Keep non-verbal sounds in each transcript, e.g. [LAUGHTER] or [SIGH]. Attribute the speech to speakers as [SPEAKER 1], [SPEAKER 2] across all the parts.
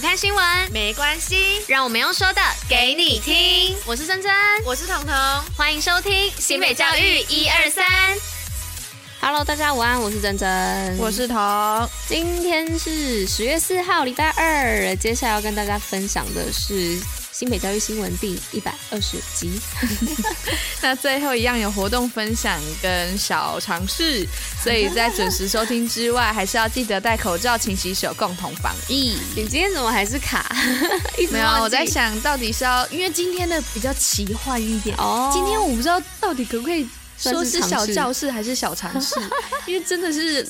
[SPEAKER 1] 看新聞沒關係，讓我們用說的給你聽。我是珍珍，我是，真真，我是彤，彤，彤彤，歡迎收聽新北教育一二三。Hello，大家午安，我是珍珍，我是彤。今天是十月四號，禮拜二。接下來要跟大家分享的是。新北教育新聞第一百二十集。 [LAUGHS] [LAUGHS] 那最後一樣有活動
[SPEAKER 2] 分享跟小嘗試，所以在準時收聽之外，還是要記得戴口罩、勤洗手、共同防疫。嗯。你今天怎麼還是卡？ [LAUGHS] 沒有，我在想到底是要，因為今天的比較奇幻一點哦。今天我不知道到底可不可以說是小教室還是小嘗試，嘗試 [LAUGHS] 因為真的是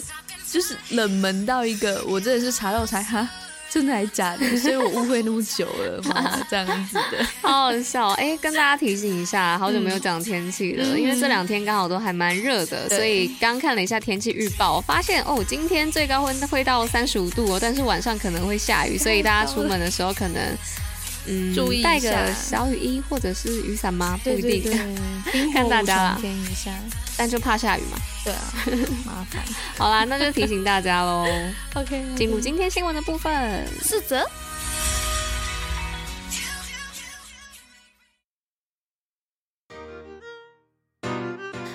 [SPEAKER 2] 就是冷門到一個，我真的是查漏才。哈。真的還是假的？所以我誤會那麼久了嗎？ [LAUGHS] 這樣子的，啊、
[SPEAKER 1] 好好笑。哎、欸，跟大家提醒一下，好久沒有講天
[SPEAKER 2] 氣了，嗯，因為這兩天
[SPEAKER 1] 剛好都還蠻熱的，嗯，所以剛看了一下天氣預報，發現哦，今天最高溫會到三十五度哦，但是晚上可能會下雨，所以大家出門的時候可能。嗯，注意帶下，帶個小雨衣或者是雨傘嗎？不一定，對對對一看大家了。但就怕下雨嘛。對啊，麻煩。 [LAUGHS] 好啦，那就提醒大家嘍。 [LAUGHS] okay, OK，進入今天新聞的部分。四則。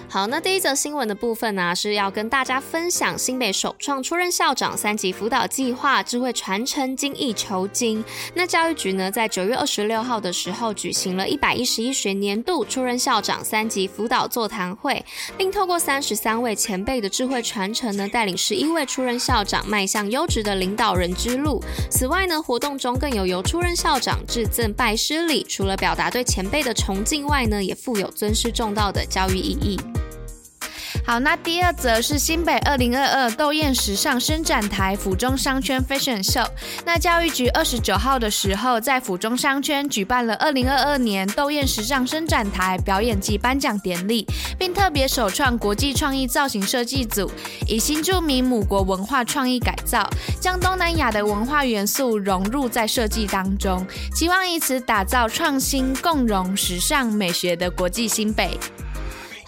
[SPEAKER 1] 好，那第一則新聞的部分呢，啊，是要跟大家分享新北首創出任校長三級輔導計劃，智慧傳承精益求精。那教育局呢，在九月二十六號的時候，舉行了一百一十一學年度出任校長三級輔導座談會，並透過三十三位前輩的智慧傳承呢，帶領十一位出任校長邁向優質的領導人之路。此外呢，活動中更有由出任校長致贈拜師禮，除了表達對前輩的崇敬外呢，也富有尊師重道的教育意義。
[SPEAKER 2] 好，那第二則是新北二零二二鬥艷時尚伸展台府中商圈 Fashion Show。那教育局二十九號的時候，在府中商圈舉辦了二零二二年鬥艷時尚伸展台表演暨頒獎典禮，並特別首創國際創意造型設計組，以新著名母國文化創意改造，將東南亞的文化元素融入在設計當中，期望以此打造創新共融時尚美學的國際新北。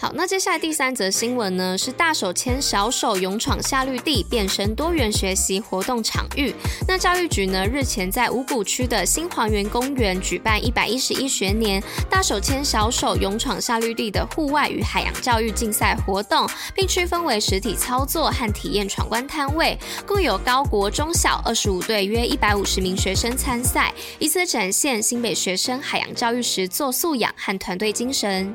[SPEAKER 2] 好，那接
[SPEAKER 1] 下來第三則新聞呢，是大手牽小手，勇闖夏綠蒂，變身多元學習活動場域。那教育局呢，日前在五股區的新華園公園舉辦一百一十一學年大手牽小手，勇闖夏綠蒂的戶外與海洋教育競賽活動，並區分為實體操作和體驗闖關攤位，共有高國中小二十五隊約一百五十名學生參賽，以此展現新北
[SPEAKER 2] 學生海洋教育實作素養和團隊精神。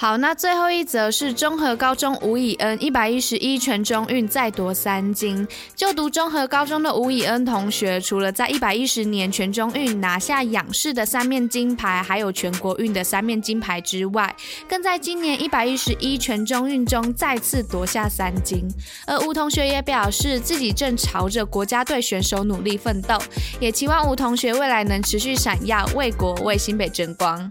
[SPEAKER 2] 好，那最後一則是中和高中吳以恩一百一十一全中運再奪三金。就讀中和高中的吳以恩同學，除了在一百一十年全中運拿下仰式的三面金牌，還有全國運的三面金牌之外，更在今年一百一十一全中運中再次奪下三金。而吳同學也表示，自己正朝着國家隊選手努力奮鬥，也期望吳同學未來能持續閃耀，為國為新北爭光。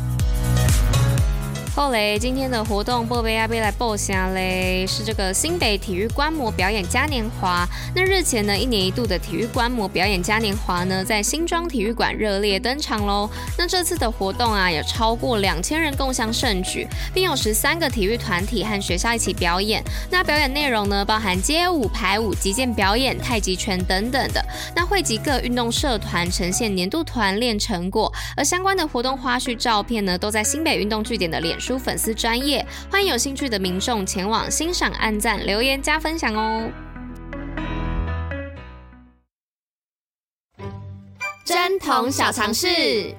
[SPEAKER 1] 好嘞，今天的活動報馬仔，要來報下嘞，是這個新北體育觀摩表演嘉年華。那日前呢，一年一度的體育觀摩表演嘉年華呢，在新莊體育館熱烈登場嘍。那這次的活動啊，有超過兩千人共襄盛舉，並有十三個體育團體和學校一起表演。那表演內容呢，包含街舞、排舞、擊劍表演、太極拳等等的。那匯集各運動社團呈現年度團練成果，而相關的活動花絮照片呢，都在新北運動據點的臉書粉絲專業，歡迎有興趣的民眾前往欣賞、按讚、留言、加分享哦。貞童小常識。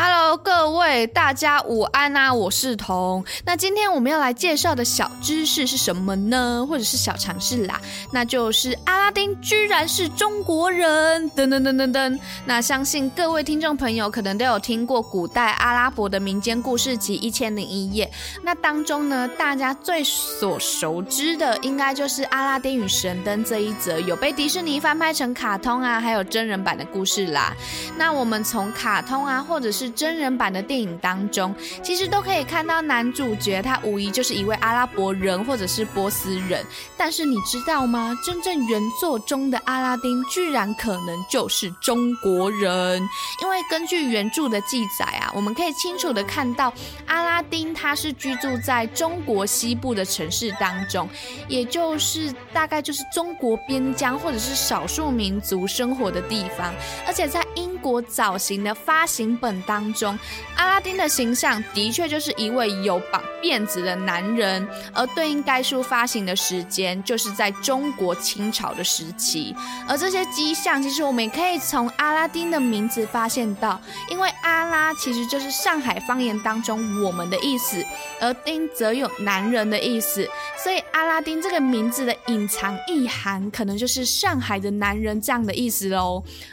[SPEAKER 2] Hello，各位，大家午安啊！我是童。那今天我們要來介紹的小知識是什麼呢？或者是小常識啦，那就是阿拉丁居然是中國人。噔噔噔噔噔。那相信各位聽眾朋友可能都有聽過古代阿拉伯的民間故事集《一千零一夜》。那當中呢，大家最所熟知的應該就是《阿拉丁與神燈》這一則，有被迪士尼翻拍成卡通啊，還有真人版的故事啦。那我們從卡通啊，或者是真人版的電影當中，其實都可以看到男主角，他無疑就是一位阿拉伯人或者是波斯人。但是你知道嗎？真正原作中的阿拉丁，居然可能就是中國人。因為根據原著的記載啊，我們可以清楚地看到，阿拉丁他是居住在中國西部的城市當中，也就是大概就是中國邊疆或者是少數民族生活的地方，而且在英國早型的發行本當中，阿拉丁的形象的確就是一位有綁辮子的男人，而對應該書發行的時間就是在中國清朝的時期。而這些跡象，其實我們也可以從阿拉丁的名字發現到，因為阿拉其實就是上海方言當中“我們的”意思，而丁則有男人的意思，所以阿拉丁這個名字的隱藏意涵可能就是“上海的男人”這樣的意思嘍。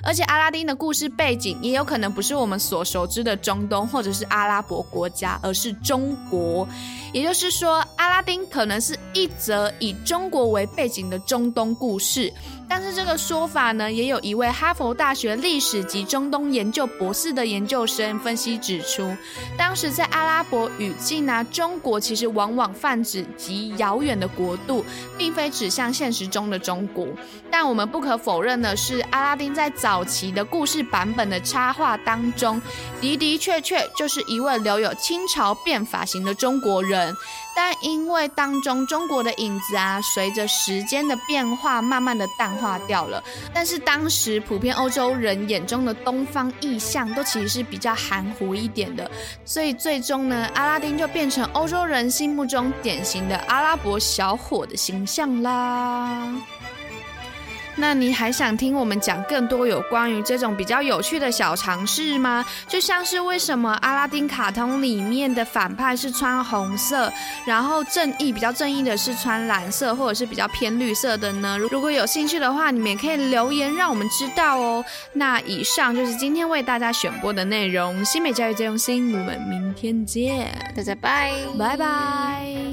[SPEAKER 2] 而且阿拉丁的故事。背景也有可能不是我們所熟知的中東或者是阿拉伯國家，而是中國。也就是說，阿拉丁可能是一則以中國為背景的中東故事。但是這個說法呢，也有一位哈佛大學歷史及中東研究博士的研究生分析指出，當時在阿拉伯語境呢、啊，中國其實往往泛指極遙遠的國度，並非指向現實中的中國。但我們不可否認的是，阿拉丁在早期的故事版。版本的插畫當中的的確確就是一位留有清朝辮髮型的中國人，但因為當中中國的影子啊，隨着時間的變化，慢慢的淡化掉了。但是當時普遍歐洲人眼中的東方意象都其實是比較含糊一點的，所以最終呢，阿拉丁就變成歐洲人心目中典型的阿拉伯小伙的形象啦。那你還想聽我們講更多有關於這種比較有趣的小常識嗎？就像是為什麼阿拉丁卡通裡面的反派是穿紅色，然後正義比較正義的是穿藍色或者是比較偏綠色的呢？如果有興趣的話，你們也可以留言讓我們知道哦。那以上就是今天為大家選播的內容，新北教育最用心，我們明天見，大家拜拜拜拜。